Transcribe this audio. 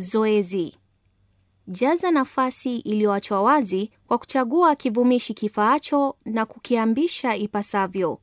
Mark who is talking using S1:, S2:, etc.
S1: Zoezi: jaza nafasi iliyoachwa wazi kwa kuchagua kivumishi kifaacho na kukiambisha ipasavyo.